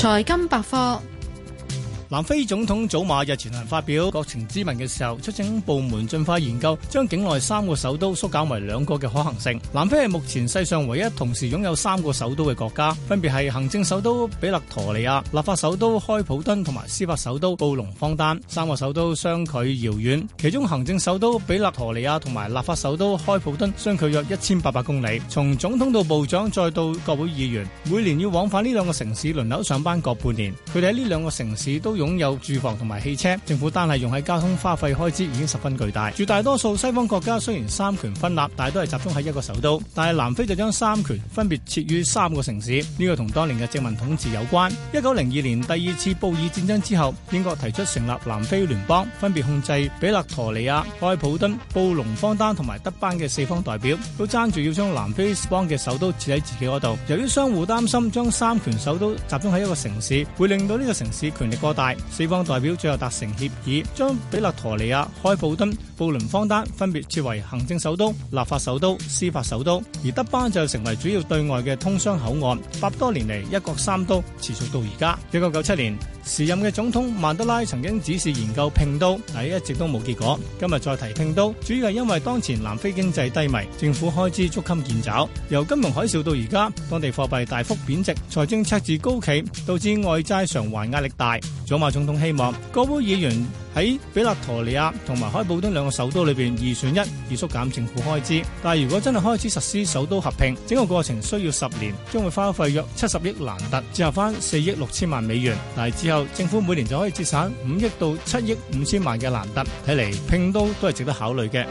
財金百科。南非總統祖馬日前行發表國情咨文嘅時候，促請部門盡快研究，將境內三個首都縮減為兩個嘅可行性。南非係目前世上唯一同時擁有三個首都嘅國家，分別係行政首都比勒陀利亞、立法首都開普敦同埋司法首都布隆方丹。三個首都相距遙遠，其中行政首都比勒陀利亞同埋立法首都開普敦相距約一千八百公里。從總統到部長，再到國會議員，每年要往返呢兩個城市輪流上班各半年。佢哋喺呢兩個城市都擁有住房同埋汽車，政府單係用喺交通花費開支已經十分巨大。絕大多數西方國家，雖然三權分立，但係都係集中喺一個首都。但係南非就將三權分別設於三個城市，呢、這個同當年嘅殖民統治有關。一九零二年第二次布爾戰爭之後，英國提出成立南非聯邦，分別控制比勒陀利亞、開普敦、布隆方丹同埋德班嘅四方代表，都爭住要將南非邦嘅首都設喺自己嗰度。由於相互擔心，將三權首都集中喺一個城市，會令到呢個城市權力過大。四方代表最後達成協議，將比勒陀利亞、開普敦、布倫方丹分別設為行政首都、立法首都、司法首都，而德班就成為主要對外嘅通商口岸。百多年嚟，一國三都持續到而家。一九九七年，時任嘅總統曼德拉曾經指示研究併都，但一直都冇結果。今日再提併都，主要係因為當前南非經濟低迷，政府開支捉襟見肘。由金融海嘯到而家，當地貨幣大幅貶值，財政赤字高企，導致外債償還壓力大。祖馬總統希望各會議員。喺比勒陀利亞同埋開普敦兩個首都裏邊，二選一以縮減政府開支。但係如果真係開始實施首都合併，整個過程需要十年，將會花費約七十億蘭特，折合返四億六千萬美元。但係之後政府每年就可以節省五億到七億五千萬嘅蘭特。睇嚟，併都都係值得考慮嘅。